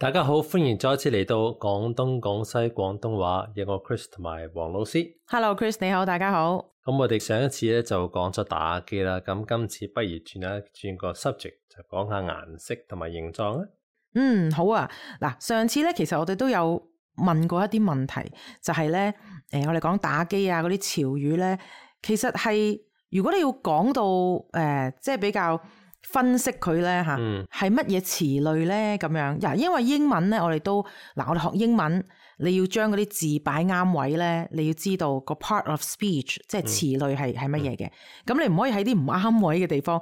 大家好，歡迎再一次嚟到港東港西廣東話，有我 Chris 同埋黃老師。Hello，Chris，你好，大家好。咁我哋上一次咧就講咗打機啦，咁今次不如轉一下轉個 subject，就講下顏色同埋形狀啊。嗯，好啊。嗱，上次咧其實我哋都有問過一啲問題，就係、是、咧，誒、呃，我哋講打機啊嗰啲潮語咧，其實係如果你要講到誒、呃，即係比較。分析佢咧嚇，係乜嘢詞類咧咁樣？嗱，因為英文咧，我哋都嗱，我哋學英文，你要將嗰啲字擺啱位咧，你要知道個 part of speech，即係詞類係係乜嘢嘅。咁你唔可以喺啲唔啱位嘅地方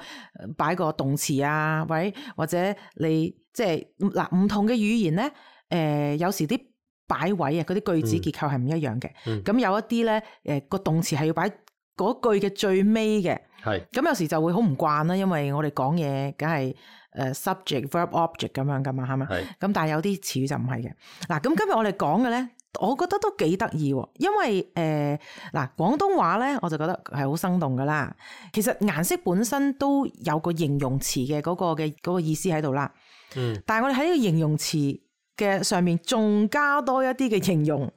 擺個動詞啊，或者你即係嗱，唔同嘅語言咧，誒、呃、有時啲擺位啊，嗰啲句子結構係唔一樣嘅。咁、嗯嗯、有一啲咧，誒、呃、個動詞係要擺。嗰句嘅最尾嘅，咁是有時就會好唔慣啦，因為我哋講嘢梗係誒 subject verb object 咁樣噶嘛，係咪？咁是但係有啲詞語就唔係嘅。嗱、啊，咁今日我哋講嘅咧，我覺得都幾得意喎，因為誒嗱、呃啊、廣東話咧，我就覺得係好生動噶啦。其實顏色本身都有個形容詞嘅嗰個嘅嗰、嗰個、意思喺度啦。嗯。但係我哋喺呢個形容詞嘅上面，仲加多一啲嘅形容。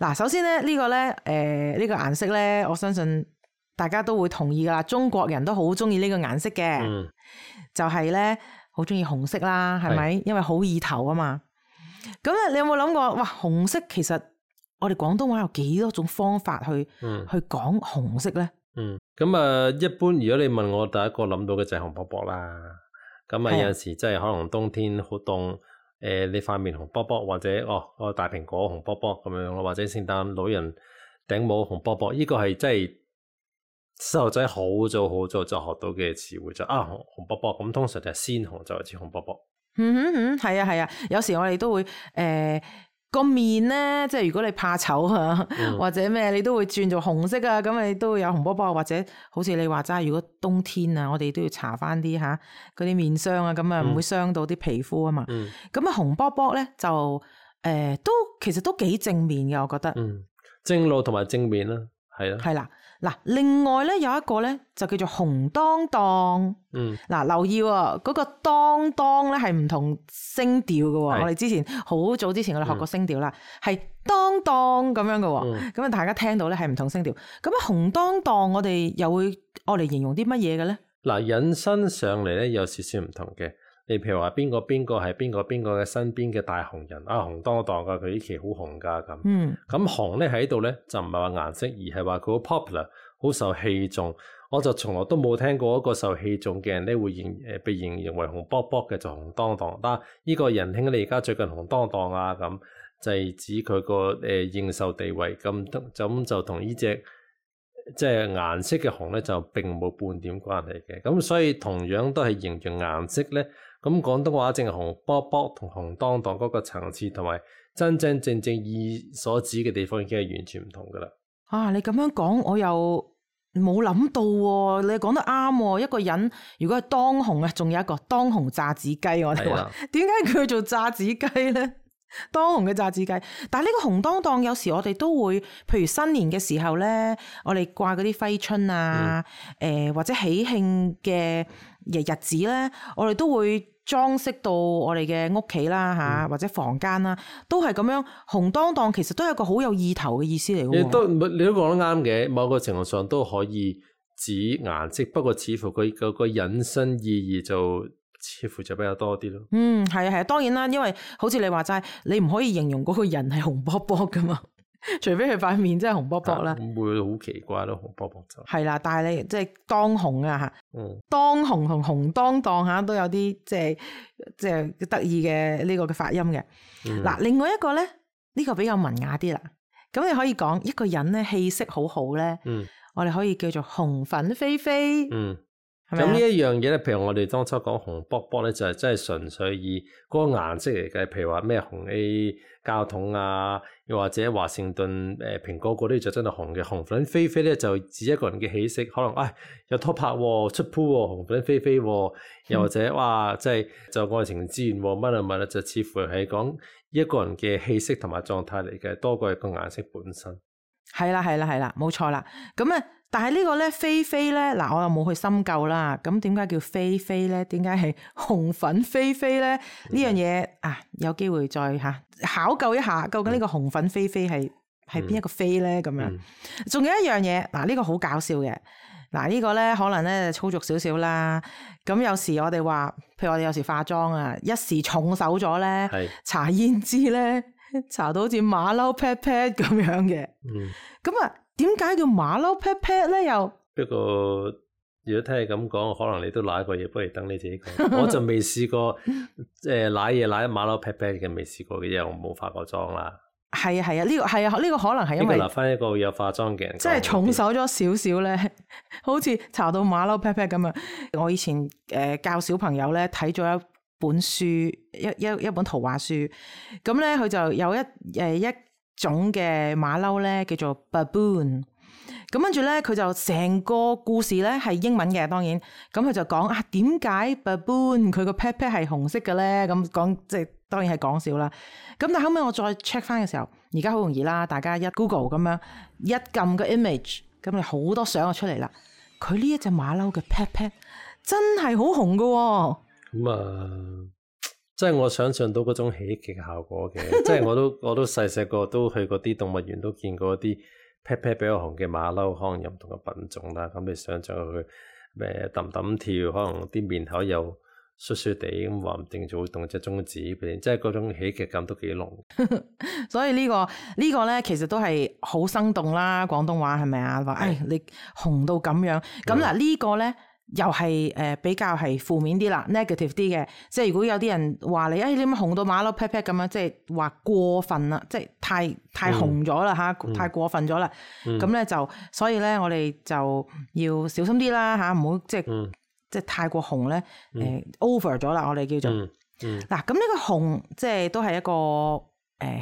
嗱、啊，首先咧呢、呢個咧誒呢、呃呢個顏色咧，我相信，大家都會同意噶啦，中國人都好中意呢個顏色嘅，嗯、就係咧好中意紅色啦，係咪是的？因為好意頭啊嘛。咁咧，你有冇諗過？哇，紅色其實我哋廣東話有幾多種方法去、嗯、去講紅色咧、嗯？嗯，咁、嗯、啊、嗯，一般如果你問我第一個諗到嘅就係紅卜卜啦。咁、嗯、啊、嗯，有陣時即係可能冬天好凍，誒、呃，你塊面紅卜卜，或者哦個大蘋果紅卜卜咁樣咯，或者聖誕老人頂帽紅卜卜。呢、這個係即係。細路仔好早好早就學到嘅詞彙就啊紅紅卜卜咁，通常就鮮紅就係似紅卜卜，嗯。嗯嗯嗯，係啊係啊，有時我哋都會誒、呃、個面咧，即係如果你怕醜啊， 或者咩，你都會轉做紅色啊，咁你都會有紅卜卜，或者好似你話齋，如果冬天啊，我哋都要搽翻啲吓嗰啲面霜啊，咁啊唔會傷到啲皮膚啊嘛。咁啊、嗯、紅卜卜咧就誒、呃、都其實都幾正面嘅，我覺得。嗯，正路同埋正面啦，係啦。係啦。嗱，另外咧有一個咧就叫做紅當當。嗯，嗱，留意喎、哦，嗰、那個當當咧係唔同聲調嘅。是我哋之前好早之前我哋學過聲調啦，係、嗯、當當咁樣嘅。咁啊、嗯，大家聽到咧係唔同聲調。咁啊、嗯，紅當當我哋又會用嚟形容啲乜嘢嘅咧？嗱，引申上嚟咧有少少唔同嘅。你譬如話邊個邊個係邊個邊個嘅身邊嘅大紅人啊，紅當當噶，佢、嗯、呢期好紅噶咁。咁紅咧喺度咧就唔係話顏色，而係話佢好 popular，好受器重。我就從來都冇聽過一個受器重嘅人咧會認誒被認認為紅卜卜嘅就紅當當。啊，呢個仁兄你而家最近紅當當啊咁，就係指佢個誒認受地位咁，咁就同、就是、呢隻即係顏色嘅紅咧就並冇半點關係嘅。咁所以同樣都係形容顏色咧。咁、嗯、廣東話正係紅卜卜同紅當當嗰個層次同埋真真正正意所指嘅地方已經係完全唔同㗎啦！啊，你咁樣講，我又冇諗到喎、啊。你講得啱喎、啊，一個人如果係當紅啊，仲有一個當紅炸子雞我們說，我哋話點解叫做炸子雞呢？ 當紅嘅炸子雞，但係呢個紅當當有時我哋都會，譬如新年嘅時候咧，我哋掛嗰啲揮春啊，誒、嗯呃、或者喜慶嘅日日子咧，我哋都會裝飾到我哋嘅屋企啦吓、啊，或者房間啦，都係咁樣紅當當，其實都係一個好有意頭嘅意思嚟嘅。你都你都講得啱嘅，某個程度上都可以指顏色，不過似乎佢個引申意義就。似乎就比較多啲咯。嗯，係啊，係啊，當然啦，因為好似你話齋，你唔可以形容嗰個人係紅卜卜噶嘛，除非佢塊面真係紅卜卜啦。會好、啊、奇怪咯，紅卜卜就係啦。但係你即係當紅啊嚇，嗯、當紅同紅當當嚇都有啲即係即係得意嘅呢個嘅發音嘅。嗱、嗯，另外一個咧，呢、呢個比較文雅啲啦。咁你可以講一個人咧氣色好好咧。嗯。我哋可以叫做紅粉緋緋。嗯。咁呢一樣嘢咧，譬如我哋當初講紅卜卜咧，就係、是、真係純粹以嗰個顏色嚟計。譬如話咩紅 A 膠桶啊，又或者華盛頓誒蘋果嗰啲，就真係紅嘅。紅粉飛飛咧，就指一個人嘅氣色，可能、哎、有啊有拖拍喎，出鋪喎、啊，紅粉飛飛喎、啊，又或者、嗯、哇，即、就、係、是、就愛情之源喎、啊，乜啊乜咧，就似乎係講一個人嘅氣色同埋狀態嚟嘅，多過係個顏色本身。係啦，係啦，係啦，冇錯啦。咁啊～但係呢個咧，菲菲咧，嗱、啊，我又冇去深究啦。咁點解叫菲菲咧？點解係紅粉菲菲咧？呢、嗯、樣嘢啊，有機會再吓、啊、考究一下，究竟呢個紅粉菲菲係係邊一個飛咧？咁樣，仲、嗯嗯、有一樣嘢，嗱、啊，呢、這個好搞笑嘅。嗱、啊，這個、呢個咧可能咧粗俗少少啦。咁有時我哋話，譬如我哋有時化妝啊，一時重手咗咧，搽是胭脂咧，搽到好似馬騮 pat pat 咁樣嘅、嗯。嗯。咁啊。點解叫馬騮 pat pat 咧？又不過如,如果聽你咁講，可能你都瀨過嘢，不如等你自己講、 呃。我就未試過，即係瀨嘢瀨馬騮 pat pat 嘅，未試過嘅，因為我冇化過妝啦。係啊係啊，呢、這個係啊，呢、這個可能係因為立翻一個有化妝嘅人，即係重手咗少少咧，好似搽到馬騮 pat pat 咁啊！我以前誒、呃、教小朋友咧睇咗一本書，一一一,一本圖畫書，咁咧佢就有一誒一。一一一一一一種嘅馬騮咧叫做 baboon，咁跟住咧佢就成個故事咧係英文嘅，當然咁佢就講啊，點解 baboon 佢個 pat pat 係紅色嘅咧？咁講即係當然係講笑啦。咁但後尾我再 check 翻嘅時候，而家好容易啦，大家一 google 咁樣一撳個 image，咁咪好多相就出嚟啦。佢呢一隻馬騮嘅 pat pat 真係好紅噶、哦。咁、嗯、啊～即係我想象到嗰種喜劇效果嘅， 即係我都我都細細個都去過啲動物園，都見過啲 pat pat 比較紅嘅馬騮，可能唔同嘅品種啦。咁你想象佢咩氹氹跳，可能啲面口又衰衰哋，咁話唔定就會動隻中指，變即係嗰種喜劇感都幾濃。 所以呢、這個呢、這個咧，其實都係好生動啦。廣東話係咪啊？話哎你紅到咁樣，咁嗱、這個、呢個咧。又係誒比較係負面啲啦，negative 啲嘅，即係如果有啲人話你，誒你咪紅到馬騮劈劈咁樣，即係話過分啦，即係太太紅咗啦吓，太過分咗啦，咁咧就所以咧我哋就要小心啲啦吓，唔好即係即係太過紅咧，誒 over 咗啦，我哋叫做，嗱咁呢個紅即係都係一個誒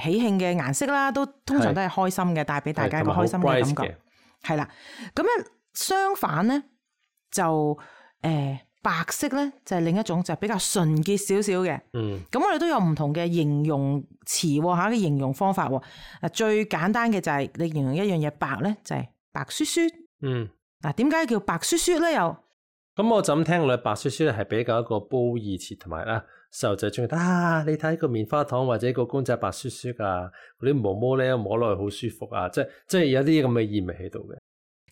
喜慶嘅顏色啦，都通常都係開心嘅，帶俾大家一個開心嘅感覺，係啦，咁樣相反咧。就誒、呃、白色咧，就係、是、另一種，就係、是、比較純潔少少嘅。嗯，咁我哋都有唔同嘅形容詞喎，嚇、啊、嘅形容方法喎、啊。最簡單嘅就係、是、你形容一樣嘢白咧，就係、是、白雪雪。嗯，嗱、啊，點解叫白雪雪咧？又咁、嗯，我就咁聽落，白雪雪係比較一個褒義詞，同埋啊，細路仔中意得。啊，你睇個棉花糖或者個公仔白雪雪啊，嗰啲毛毛咧摸落去好舒服啊，即即係有啲咁嘅意味喺度嘅。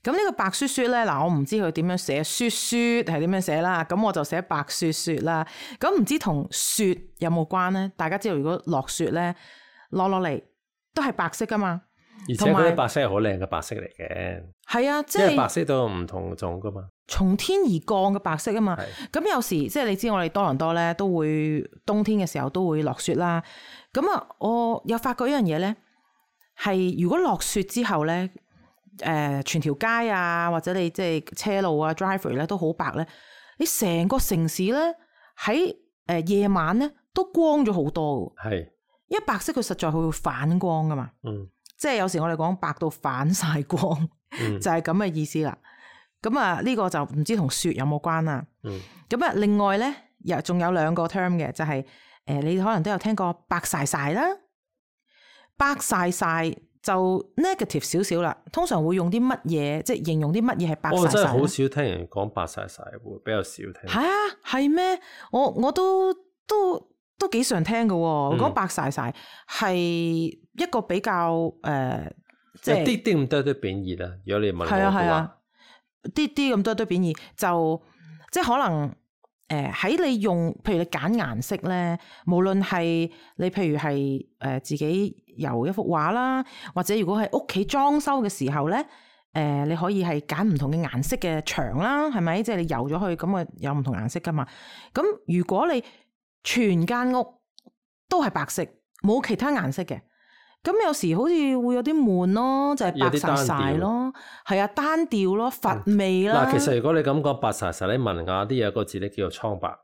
咁呢個白雪雪咧，嗱，我唔知佢點樣寫雪雪係點樣寫啦，咁我就寫白雪雪啦。咁唔知同雪有冇關咧？大家知道如果落雪咧，落落嚟都係白色噶嘛，而且啲有白色係好靚嘅白色嚟嘅，係啊，即、就、係、是、白色都唔同種噶嘛，從天而降嘅白色啊嘛。咁是有時即係、就是、你知我哋多倫多咧，都會冬天嘅時候都會落雪啦。咁啊，我有發覺一樣嘢咧，係如果落雪之後咧。誒、呃，全條街啊，或者你即係車路啊，driver 咧都好白咧。你成個城市咧，喺誒、呃、夜晚咧都光咗好多嘅係，是因為白色佢實在佢會反光噶嘛。嗯。即係有時我哋講白到反晒光，就係咁嘅意思啦。咁啊，呢個就唔知同雪有冇關啦。嗯。咁啊、嗯，另外咧，又仲有兩個 term 嘅，就係、是、誒、呃，你可能都有聽過白晒晒啦，白晒晒。就 negative 少少啦，通常會用啲乜嘢，即係形容啲乜嘢係白我、哦、真係好少聽人講白晒晒，比較少聽。吓、啊，係咩？我我都都都幾常聽噶、哦，嗰、嗯、白晒晒係一個比較誒，即係啲啲咁多都貶義啦。如果你問啊，都啊，啲啲咁多都貶義，就即係可能。誒喺、呃、你用，譬如你揀顏色咧，無論係你譬如係誒、呃、自己油一幅畫啦，或者如果係屋企裝修嘅時候咧，誒、呃、你可以係揀唔同嘅顏色嘅牆啦，係咪？即係你油咗去，咁啊有唔同顏色㗎嘛。咁如果你全間屋都係白色，冇其他顏色嘅。咁有時好似會有啲悶咯，就係、是、白晒晒咯，係啊，單調咯，乏味啦。嗱、嗯，其實如果你咁講白晒晒，你問一下啲有一個字咧叫做蒼白，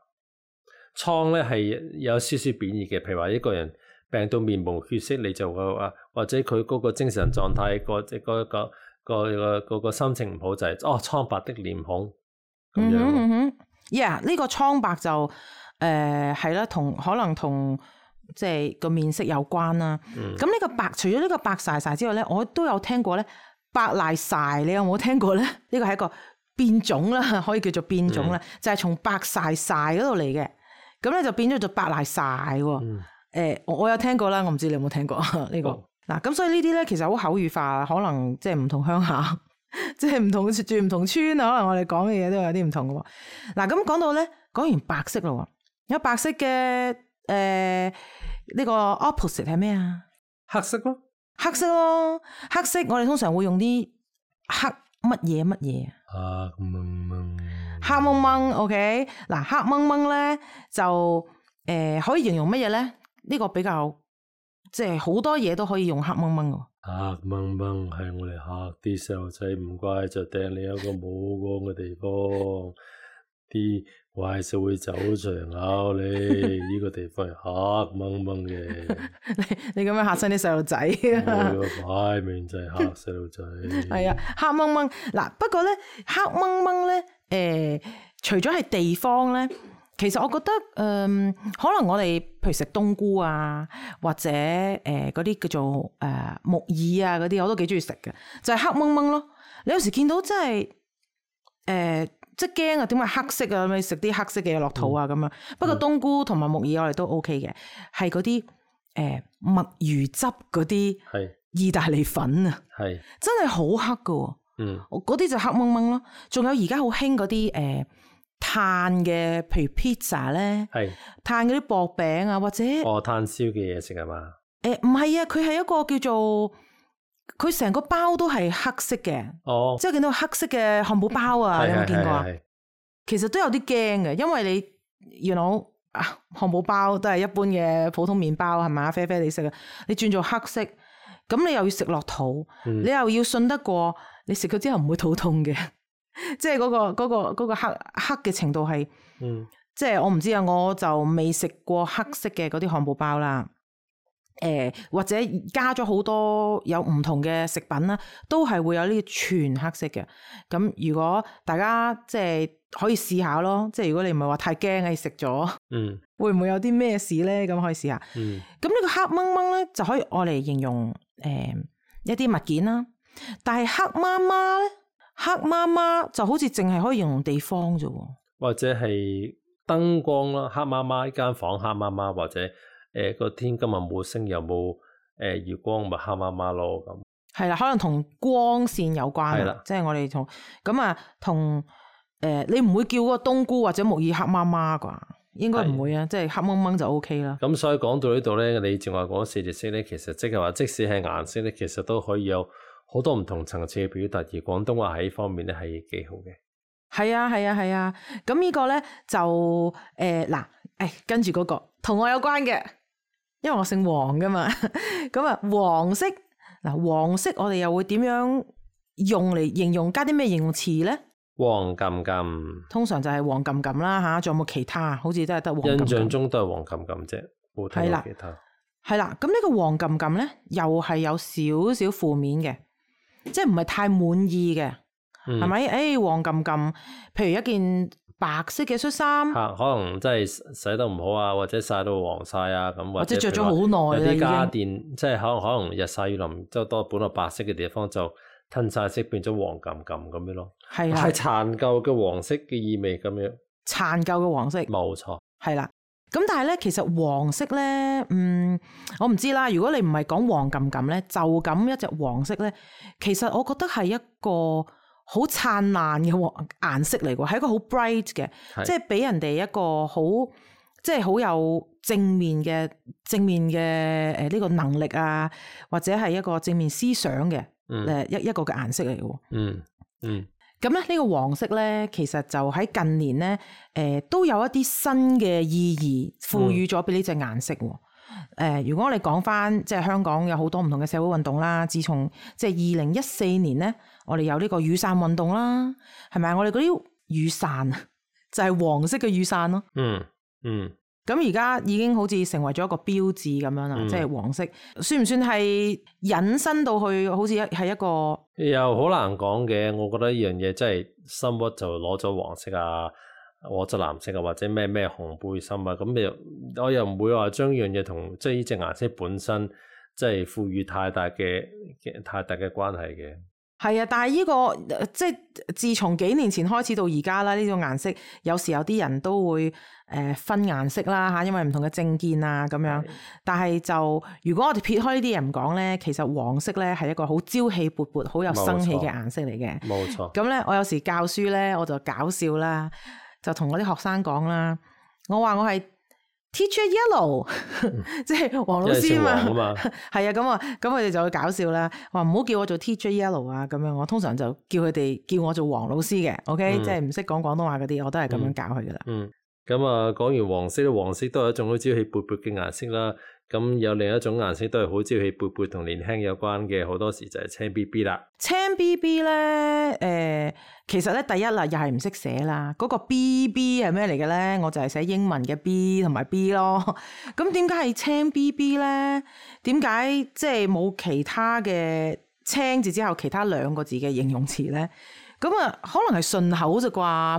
蒼咧係有少少貶義嘅。譬如話一個人病到面無血色，你就會話或者佢嗰個精神狀態、嗰個即嗰、嗰個個、嗰個心情唔好就係、是、哦蒼白的臉孔咁樣。嗯哼、哼，yeah，呢個蒼白就誒係、呃、啦，同可能同。即係個面色有關啦。咁呢、嗯、個白除咗呢個白晒晒之外咧，我都有聽過咧，白賴晒，你有冇聽過咧？呢個係一個變種啦，可以叫做變種啦，嗯、就係從白晒晒嗰度嚟嘅。咁咧就變咗做白賴晒。誒、嗯呃，我有聽過啦，我唔知你有冇聽過呢、這個。嗱、哦啊，咁所以呢啲咧其實好口語化，可能即係唔同鄉下，即係唔同住唔同村啊，可能我哋講嘅嘢都有啲唔同嘅。嗱、啊，咁講到咧，講完白色咯，有白色嘅。誒，呢、呃這個 opposite 係咩啊？黑色，黑色咯，黑色咯，黑色。我哋通常會用啲黑乜嘢乜嘢啊？黑鼆鼆，黑鼆鼆，OK 鼆鼆。嗱，黑鼆鼆咧就誒，可以形容乜嘢咧？呢、這個比較即係好多嘢都可以用黑鼆鼆。黑鼆鼆係我哋吓啲細路仔唔乖就掟你一個冇光嘅地方啲。 壞事會走上口，你呢 個地方係黑鼆鼆嘅。你咁樣嚇親啲細路仔。 我嘅塊面就係嚇細路仔。係 啊，黑鼆鼆嗱。不過咧，黑鼆鼆咧，誒、呃，除咗係地方咧，其實我覺得，嗯、呃，可能我哋譬如食冬菇啊，或者誒嗰啲叫做誒、呃、木耳啊嗰啲，我都幾中意食嘅，就係、是、黑鼆鼆咯。你有時見到真係誒。呃呃即係驚啊！點解黑色啊？咪食啲黑色嘅落肚啊？咁樣、嗯。不過冬菇同埋木耳我哋都 O K 嘅，係嗰啲誒墨魚汁嗰啲是意大利粉啊，係是真係好黑噶。嗯，嗰啲就黑鼆鼆咯。仲有而家好興嗰啲誒炭嘅，譬如 pizza 咧，係炭嗰啲薄餅啊，或者、哦、炭燒嘅嘢食係嘛？誒、呃，唔係啊，佢係一個叫做。佢成個包都係黑色嘅，oh. 即係見到黑色嘅漢堡包啊！ 你有冇見過啊？ 其實都有啲驚嘅，因為你原本 you know,、啊、漢堡包都係一般嘅普通麵包，係咪啊啡啡你食啊？你轉做黑色，咁你又要食落肚，嗯、你又要信得過，你食咗之後唔會肚痛嘅， 即係嗰、嗰個嗰、嗰個嗰個嗰個、黑黑嘅程度係，嗯、即係我唔知啊，我就未食過黑色嘅嗰啲漢堡包啦。誒、呃，或者加咗好多有唔同嘅食品啦，都係會有呢啲全黑色嘅。咁如果大家即係可以試下咯，即係如果你唔係話太驚，你食咗，嗯，會唔會有啲咩事咧？咁可以試下。嗯，咁呢個黑鼆鼆咧就可以用嚟形容誒、呃、一啲物件啦。但係黑媽媽咧，黑媽媽就好似淨係可以形容地方啫，或者係燈光啦。黑媽媽呢間房，黑媽媽或者。誒，個天今日冇星，又冇誒月光咪黑麻麻咯咁。係啦，可能同光線有關啦，即係是的 我哋同咁啊，同誒、呃，你唔會叫個冬菇或者木耳黑麻麻啩？應該唔會啊，是的 即係黑掹掹就 O K 啦。咁所以講到呢度咧，你淨話講四字色咧，其實即係話，即使係顏色咧，其實都可以有好多唔同層次嘅表達。而廣東話喺呢方面咧係幾好嘅。係啊，係啊，係啊。咁呢、呃哎那個咧就誒嗱，誒跟住嗰個同我有關嘅。因為我姓黃噶嘛，咁啊黃色嗱黃色我哋又會點樣用嚟形容？加啲咩形容詞咧？黃黚黚，通常就係黃黚黚啦吓，仲有冇其他？好似都係得黃黚黚。印象中都係黃黚黚啫，冇睇過其他。係啦，咁呢個黃黚黚咧，又係有少少負面嘅，即係唔係太滿意嘅，係咪、嗯？誒、哎，黃黚黚，譬如一件。白色嘅恤衫，吓、啊、可能真係洗得唔好啊，或者曬到黃晒啊咁，或者着咗好耐啊，有啲家電經即係可能可能日曬雨淋，即係當本來白色嘅地方就褪晒色變金金，變咗黃黚黚咁樣咯。係啊，係殘舊嘅黃色嘅意味咁樣，殘舊嘅黃色，冇錯錯。係啦，咁但係咧，其實黃色咧，嗯，我唔知啦。如果你唔係講黃黚黚咧，就咁一隻黃色咧，其實我覺得係一個。好燦爛嘅黃顏色嚟嘅，係一個好 bright 嘅，是即係俾人哋一個好，即係好有正面嘅正面嘅誒呢個能力啊，或者係一個正面思想嘅，誒、嗯呃、一一,一個嘅顏色嚟嘅、嗯。嗯嗯，咁咧呢、呢個黃色咧，其實就喺近年咧，誒、呃、都有一啲新嘅意義賦予咗俾呢隻顏色。嗯誒、呃，如果我哋講返，即係香港有好多唔同嘅社會運動啦。自從即係二零一四年咧，我哋有呢個雨傘運動啦，係咪？我哋嗰啲雨傘就係、是、黃色嘅雨傘咯、嗯。嗯嗯。咁而家已經好似成為咗一個標誌咁樣啦，嗯、即係黃色，算唔算係引申到去好似一係一個？又好難講嘅，我覺得呢樣嘢真係 someone 就攞咗黃色啊。我着藍色啊，或者咩咩紅背心啊，咁又我又唔會話將呢樣嘢同即係呢隻顏色本身即係賦予太大嘅太大嘅關係嘅。係啊，但係呢、這個即係自從幾年前開始到而家啦，呢種顏色有時有啲人都會誒、呃、分顏色啦吓，因為唔同嘅政見啊咁樣。是但係就如果我哋撇開呢啲人唔講咧，其實黃色咧係一個好朝氣勃勃、好有生氣嘅顏色嚟嘅。冇錯。咁咧，我有時教書咧，我就搞笑啦。就同我啲學生講啦，我話我係 Teacher Yellow， 即係黃老師嘛，好嘛？係啊咁啊，咁佢哋就會搞笑啦，話唔好叫我做 Teacher Yellow 啊，咁樣我通常就叫佢哋叫我做黃老師嘅，OK，嗯，即係唔識講廣東話嗰啲，我都係咁樣教佢噶啦。嗯，咁啊講完黃色咧，黃色都係一種好朝氣勃勃嘅顏色啦。咁有另一種顏色都係好朝氣勃勃同年輕有關嘅，好多時就係青 B B 啦。青 B B 咧，誒、呃，其實咧第一啦又係唔識寫啦。嗰、嗰個 B B 係咩嚟嘅咧？我就係寫英文嘅 B 同埋 B 咯。咁點解係青 B B 咧？點解即係冇其他嘅青字之後其他兩個字嘅形容詞咧？咁啊，可能係順口啫啩，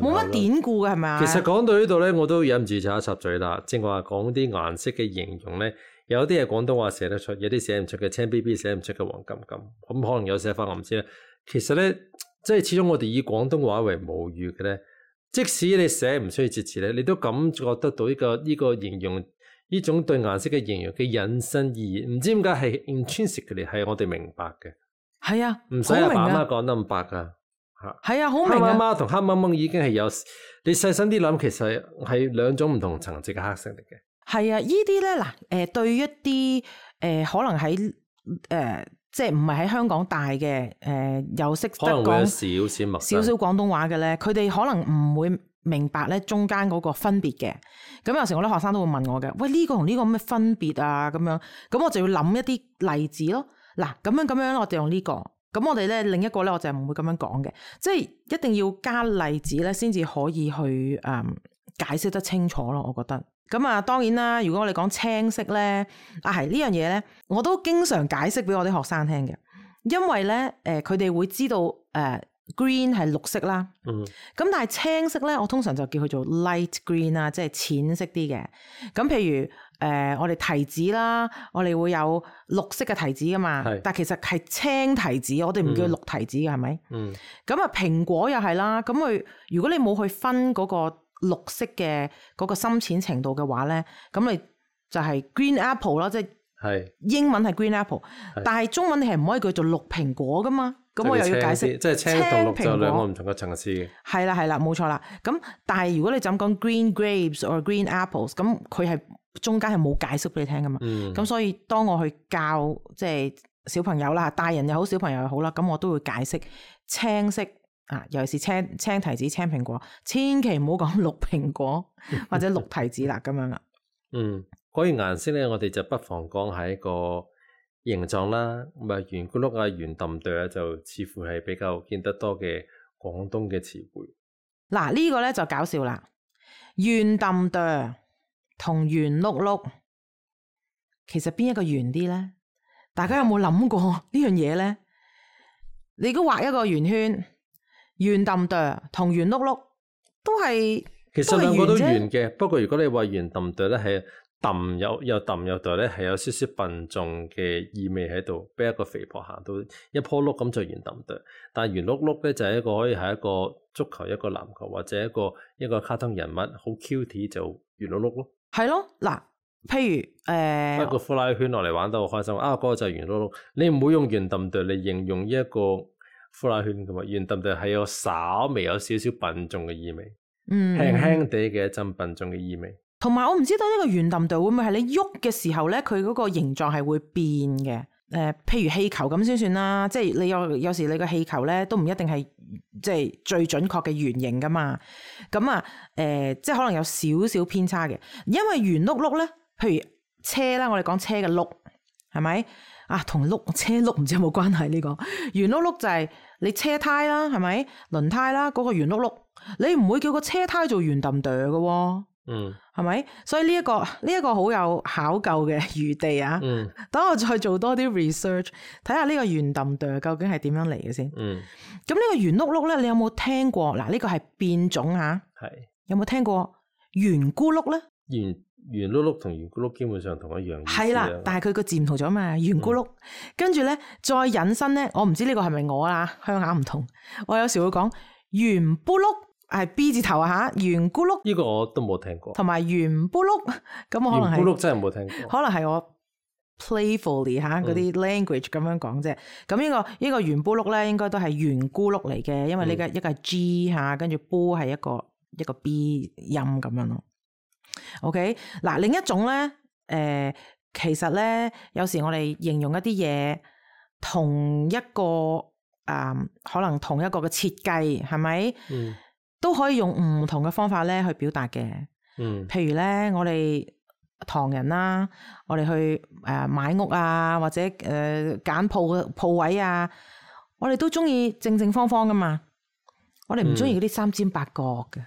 冇乜典故嘅係咪啊？是是其實講到呢度咧，我都忍唔住插一插嘴啦。正話講啲顏色嘅形容咧，有啲係廣東話寫得出，有啲寫唔出嘅，青 BB 寫唔出嘅，黃金金。咁、嗯、可能有寫法，我唔知啦。其實咧，即係始終我哋以廣東話為母語嘅咧，即使你寫唔出字詞咧，你都感覺得到呢、呢個呢、呢個形容，呢種對顏色嘅形容嘅引申意義，唔知點解係 intrinsically 係我哋明白嘅。係啊，唔使阿爸媽講得咁白㗎吓。係啊，好、啊、明、啊。黑媽媽同黑鼆鼆已經係有，你細心啲諗，其實係兩種唔同層次嘅黑色嚟嘅。係啊，依啲咧嗱，誒、呃，對一啲誒、呃、可能喺誒、呃、即係唔係喺香港大嘅誒、呃，又識可能會有少少默少少廣東話嘅咧，佢哋可能唔會明白咧中間嗰個分別嘅。咁有時我啲學生都會問我嘅，喂，呢個同呢個咩分別啊？咁樣咁我就要諗一啲例子咯。嗱，咁樣咁樣，我哋用呢、這個，咁我哋咧另一個咧，我就唔會咁樣講嘅，即係一定要加例子咧，先至可以去誒、嗯、解釋得清楚咯，我覺得。咁啊，當然啦，如果我哋講青色咧，啊係呢樣嘢咧，我都經常解釋俾我啲學生聽嘅，因為咧誒佢哋會知道誒。呃 Green 係綠色啦，咁、嗯、但係青色咧，我通常就叫佢做 light green 啦，即係淺色啲嘅。咁譬如誒、呃，我哋提子啦，我哋會有綠色嘅提子噶嘛，是但係其實係青提子，我哋唔叫綠提子嘅係咪？嗯，咁啊吧，嗯、蘋果又係啦，咁佢如果你冇去分嗰個綠色嘅嗰個深淺程度嘅話咧，咁你就係 green apple 啦，是即係英文係 green apple，是但係中文你係唔可以叫做綠蘋果噶嘛。咁我又要解釋，即係青同綠就兩個唔同嘅層次嘅。係啦，係啦、啊，冇、啊、錯啦。咁但係如果你就咁講 green grapes or green apples，咁佢係中間係冇解釋俾你聽噶嘛。咁、嗯、所以當我去教即係、就是、小朋友啦、大人又好、小朋友又好啦，咁我都會解釋青色啊，尤其是青青提子、青蘋果，千祈唔好講綠蘋果或者綠提子啦咁樣啦。嗯，關於樣、嗯那個、顏色咧，我哋就不妨講喺一個。形狀啦，唔係圓咕碌啊，圓揼哚啊，就似乎係比較見得多嘅廣東嘅詞彙。嗱，呢個咧就搞笑啦，圓氹哚同圓碌碌，其實邊一個圓啲咧？大家有冇諗過呢樣嘢咧？你如果畫一個圓圈，圓氹哚同圓碌碌都係，其實兩個都圓嘅，不過如果你話圓揼哚咧係。揼有又揼又度咧，係有少少笨重嘅意味喺度。俾一個肥婆行到一坡碌咁就圓揼哚，但係圓碌碌咧就係一個可以係一個足球、一個籃球或者一個一個卡通人物，好 cute 就圓碌碌咯。係咯，嗱，譬如誒、呃、一個呼啦圈落嚟玩得好開心啊！嗰、那個就係圓碌碌。你唔好用圓揼哚嚟形容呢一個呼啦圈㗎嘛？圓揼哚係有稍微有少少笨重嘅意味，嗯、輕輕地嘅一陣笨重嘅意味。同埋我唔知道呢個圓揼朵，會唔會係你喐嘅時候咧，佢嗰個形狀係會變嘅。誒、呃，譬如氣球咁先算啦，即係你有有時你個氣球咧都唔一定係即係最準確嘅圓形噶嘛。咁啊，誒、呃，即係可能有少少偏差嘅。因為圓碌碌咧，譬如車啦，我哋講車嘅碌係咪啊？同碌車碌唔知有冇關係呢、這個圓碌碌就係你車胎啦，係咪輪胎啦嗰個圓碌碌？你唔會叫個車胎做圓揼朵嘅。嗯。係咪？所以呢、這、一個呢一、這個好有考究嘅餘地啊！嗯，等我再做多啲 research，睇下呢個圓氹氹究竟係點樣嚟嘅先。嗯，咁呢個圓碌碌咧，你有冇聽過？嗱，呢、這個係變種吓、啊，係是有冇聽過圓咕碌咧？圓圓碌碌同圓咕碌基本上同一樣嘅、啊，係啦。但係佢個字唔同咗嘛？圓咕碌，跟住咧再引申咧，我唔知呢個係咪我啊？香港唔同，我有時會講圓咕碌。係 B 字頭啊吓，圓咕碌，呢個我都冇聽過。同埋圓咕碌，咁我可能係圓咕碌真係冇聽過。可能係我 playfully 吓、啊、嗰啲、嗯、language 咁樣講啫。咁、這個這個、呢個呢個圓咕碌咧，應該都係圓咕碌嚟嘅，因為呢個、嗯、一個係 G 吓、啊，跟住 B 係一個一個 B 音咁樣咯。OK，嗱另一種咧，誒、呃，其實咧有時我哋形容一啲嘢，同一個誒、呃，可能同一個嘅設計係咪？是是嗯。都可以用唔同嘅方法咧去表達嘅，嗯、譬如咧我哋唐人啦、啊，我哋去誒、呃、買屋啊，或者誒揀鋪鋪位啊，我哋都中意正正方方噶嘛，我哋唔中意嗰啲三尖八角嘅，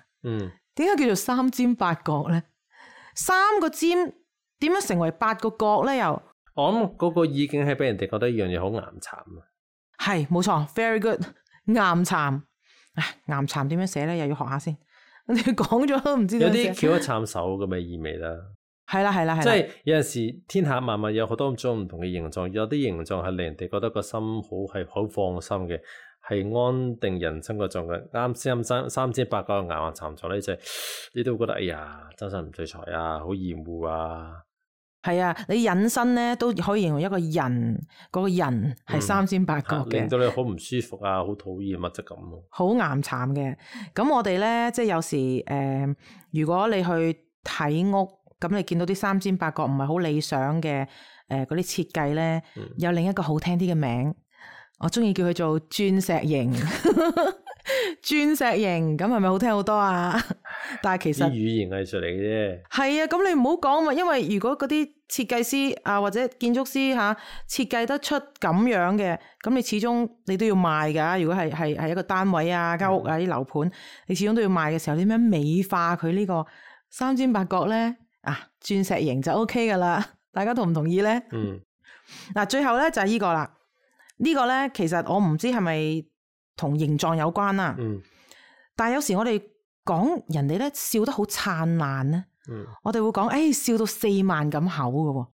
點解、嗯、叫做三尖八角咧？三個尖點樣成為八個角咧？又，我諗嗰個意境係俾人哋覺得一樣嘢好岩殘啊，係冇錯，very good，岩殘。唉，巖蠶點樣寫咧？又要學下先。 你哋講咗都唔知。有啲叫一慘手咁嘅意味啦。係啦係啦係。即係有陣時天下萬物有好多咁種唔同嘅形狀，有啲形狀係令人哋覺得個心好係好放心嘅，係安定人生嗰種嘅。啱先三三,三尖八角嘅巖蠶蠶咧，就係你都會覺得哎呀，周身唔聚財啊，好厭惡啊。係啊，你隱身咧都可以形容一個人嗰、那個人係三尖八角嘅、嗯啊，令到你好唔舒服啊，好討厭啊，就咁、啊。好岩巉，嘅咁我哋咧即係有時誒、呃，如果你去睇屋，咁你見到啲三尖八角唔係好理想嘅誒、嗰、呃、啲設計咧，嗯、有另一個好聽啲嘅名，我中意叫佢做鑽石型。 鑽 石型，咁係咪好聽好多啊？ 但係其實啲語言藝術嚟嘅啫。係啊，咁你唔好講啊，因為如果嗰啲設計師啊或者建築師吓、啊、設計得出咁樣嘅，咁你始終你都要賣噶。如果係係係一個單位啊、間屋啊、啲樓盤，你始終都要賣嘅時候，點樣美化佢呢個三尖八角咧？啊，鑽石型就 OK 噶啦，大家同唔同意咧？嗯。嗱、啊，最後咧就係、是這個、呢個啦。呢個咧其實我唔知係咪。同形狀有關啦、啊，嗯、但係有時我哋講人哋咧笑得好燦爛咧、啊，嗯、我哋會講誒、哎、笑到四萬咁口嘅喎、哦。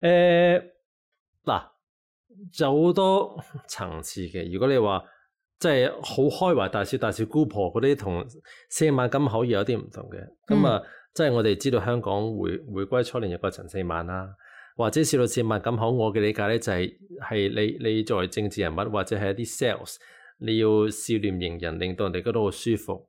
誒、呃，嗱，有好多層次嘅。如果你話即係好開懷大笑，大笑姑婆嗰啲，同四萬咁口有啲唔同嘅。咁啊、嗯，即係我哋知道香港回回歸初年有個陳四萬啦，或者笑到四萬咁口。我嘅理解咧就係、是、係你你作為政治人物或者係一啲 sales。你要笑臉迎人，令到人哋覺得好舒服，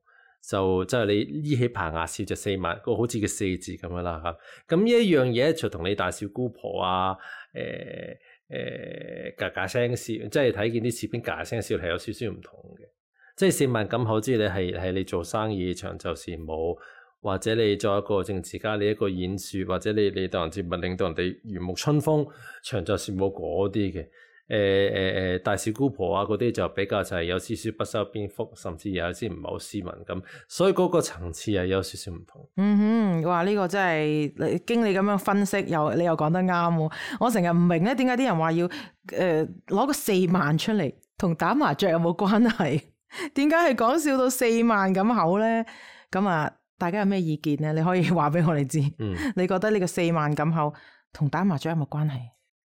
就即係你依起棚牙笑就四萬個，好似個四字咁樣啦嚇。咁呢一樣嘢就同你大笑姑婆啊，誒、呃、誒，嘎嘎聲笑，即係睇見啲攝影嘎嘎聲笑係有少少唔同嘅。即係四萬咁，好似你係係你做生意長袖善舞，或者你做一個政治家，你一個演説，或者你你待人接物，令到人哋如沐春風，長袖善舞嗰啲嘅。誒誒誒，大小姑婆啊，嗰啲就比較就係有少少不修邊幅，甚至有啲唔係好斯文咁，所以嗰個層次係有少少唔同。嗯哼，哇！呢、這個真係經你咁樣分析，又你又講得啱喎、啊。我成日唔明咧，點解啲人話要誒攞、呃、個四萬出嚟，同打麻雀有冇關係？點解係講笑到四萬咁口咧？咁啊，大家有咩意見咧？你可以話俾我哋知。嗯、你覺得呢個四萬咁口同打麻雀有冇關係？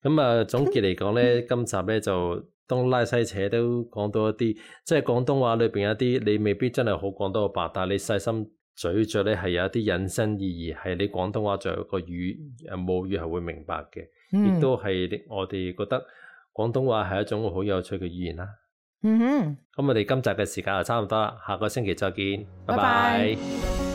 咁啊，總結嚟講咧，今集咧就東拉西扯都講到一啲，即係廣東話裏邊有啲你未必真係好講得明白，但係你細心咀嚼咧係有一啲引申意義，係你廣東話仲有個語誒母語係會明白嘅，亦都係我哋覺得廣東話係一種好有趣嘅語言啦。嗯哼，咁我哋今集嘅時間就差唔多啦，下個星期再見，拜拜。拜拜。